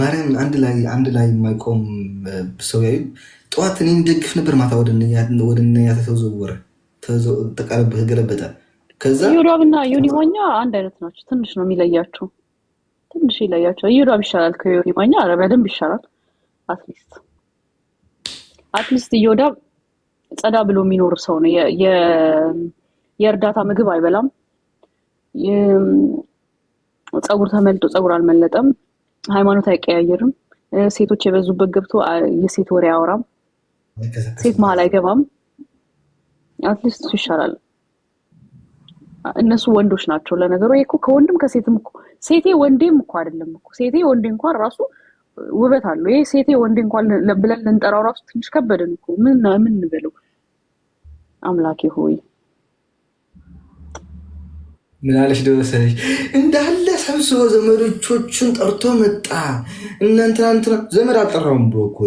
ማርያም አንድ ላይ አንድ ላይ የማይቆም ሰው ያዩ ጠዋት እኔን ደግፍ ነበር፣ ማታ ወደ ያተ ተዘወረ ተቃለብህ ገለበጠ። ከዛ ዩራብና ዮኒማኛ አንድ አይነት ናቸው። ትንሽ ነው የሚለያቸው፣ ትንሽ ይለያቸው። ዩራብ ይሻላል ከዮኒማኛ ኧረ በደንብ ይሻላል። አትሊስት አትሊስት ዮዳ ጸዳ ብሎ የሚኖር ሰው ነው። የእርዳታ ምግብ አይበላም ጸጉር ተመልጦ ጸጉር አልመለጠም። ሃይማኖት አይቀያየርም። ሴቶች የበዙበት ገብቶ የሴት ወሬ አያወራም። ሴት መሀል አይገባም። አትሊስት እሱ ይሻላል። እነሱ ወንዶች ናቸው። ለነገሩ እኮ ከወንድም ከሴትም ሴቴ ወንዴም እኮ አይደለም እኮ ሴቴ ወንዴ እንኳን ራሱ ውበት አለው። ይሄ ሴቴ ወንዴ እንኳን ብለን ልንጠራው ራሱ ትንሽ ከበደን እኮ ምን እንበለው? አምላኬ ሆይ ምናለሽ ደወሰነች እንዳለ ሰብስቦ ዘመዶቾቹን ጠርቶ መጣ። እናንተ እንትና ዘመድ አልጠራውም ብሎ እኮ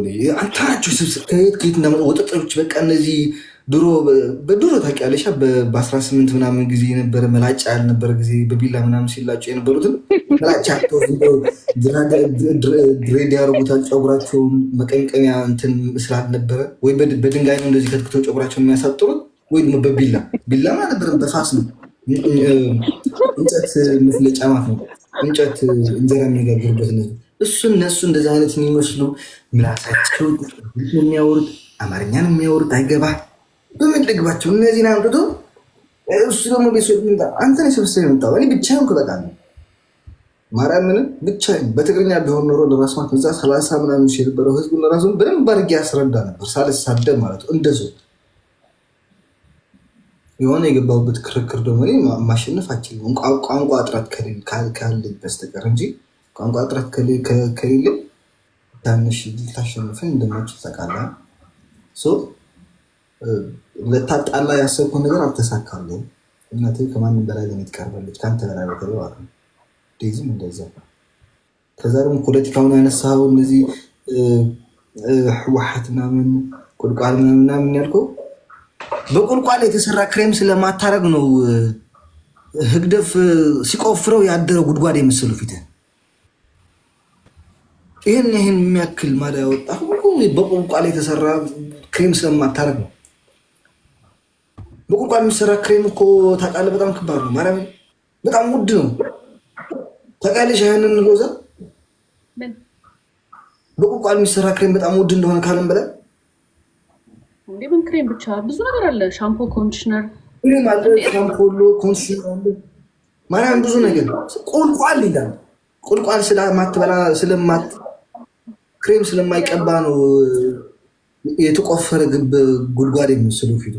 አንተ ናቸው ስብስ ከየት ከየት እንዳመጣ ወጠጦች በቃ እነዚህ ድሮ በድሮ ታውቂያለሽ፣ በአስራ ስምንት ምናምን ጊዜ የነበረ መላጫ ያልነበረ ጊዜ በቢላ ምናምን ሲላጩ የነበሩትን መላጫ ድሬድ ያደርጉታል። ጨጉራቸውን መቀንቀሚያ እንትን ስላልነበረ ወይ በድንጋይ ነው እንደዚህ ከትክተው ጨጉራቸውን የሚያሳጥሩት ወይ በቢላ ቢላ ማለት በፋስ ነው እንጨት መፍለጫ ማለት ነው። እንጨት እንጀራ የሚጋግሩበት ነው። እሱ እነሱ እንደዚ አይነት የሚመስሉ ምላሳቸው የሚያወሩት ነው የሚያወሩት አይገባ በምን ልግባቸው? እነዚህን አምጥቶ እሱ ደግሞ ቤሶ ምጣ አንተን የሰብሰብ ምጣ እኔ ብቻዬን እኮ በቃ ማርያምን ብቻ በትግርኛ ቢሆን ኖሮ ለማስማት ዛ ሰላሳ ምናምን የነበረው ህዝቡ ለራሱ በደንብ አድርጌ ያስረዳ ነበር፣ ሳልሳደብ ማለት ነው የሆነ የገባሁበት ክርክር ደግሞ ማሸነፍ አችልም ቋንቋ እጥረት ካለ በስተቀር እንጂ ቋንቋ እጥረት ከሌለ ታንሽ ልታሸንፈን እንደማችል ታውቃለህ። ለታጣላ ያሰብኩ ነገር አልተሳካልም። እናቴ ከማንም በላይ ለኔ ትቀርባለች፣ ከአንተ በላይ በተለይ ማለት ነው። ዴዚም እንደዛ። ከዛ ደግሞ ፖለቲካውን ያነሳው እነዚህ ህወሓት ምናምን ቁልቋል ምናምን ያልከው በቁልቋል የተሰራ ክሬም ስለማታረግ ነው ህግደፍ ሲቆፍረው ያደረው ጉድጓድ የምስሉ ፊት ይህን ይህን የሚያክል ማዳ ያወጣ በቁልቋል የተሰራ ክሬም ስለማታረግ ነው። በቁልቋል የሚሰራ ክሬም እኮ ታውቃለህ፣ በጣም ከባድ ነው። ማርያም በጣም ውድ ነው። ታውቃለሽ ያህንን ሎዛ በቁልቋል የሚሰራ ክሬም በጣም ውድ እንደሆነ ካለም በላይ እንዴ? ክሬም ብቻ ብዙ ነገር አለ። ሻምፖ፣ ኮንዲሽነር፣ ሻምፖሎ፣ ኮንዲሽነር ማርያም ብዙ ነገር ቁልቋል ይላል። ቁልቋል ስለማትበላ ስለማት ክሬም ስለማይቀባ ነው የተቆፈረ ግብ ጉድጓድ የሚመስሉ ፊቱ።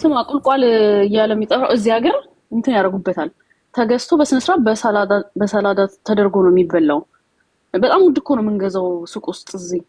ስማ ቁልቋል እያለ የሚጠራው እዚህ ሀገር እንትን ያደርጉበታል። ተገዝቶ በስነስርዓት በሰላዳ ተደርጎ ነው የሚበላው። በጣም ውድ እኮ ነው የምንገዛው ሱቅ ውስጥ እዚህ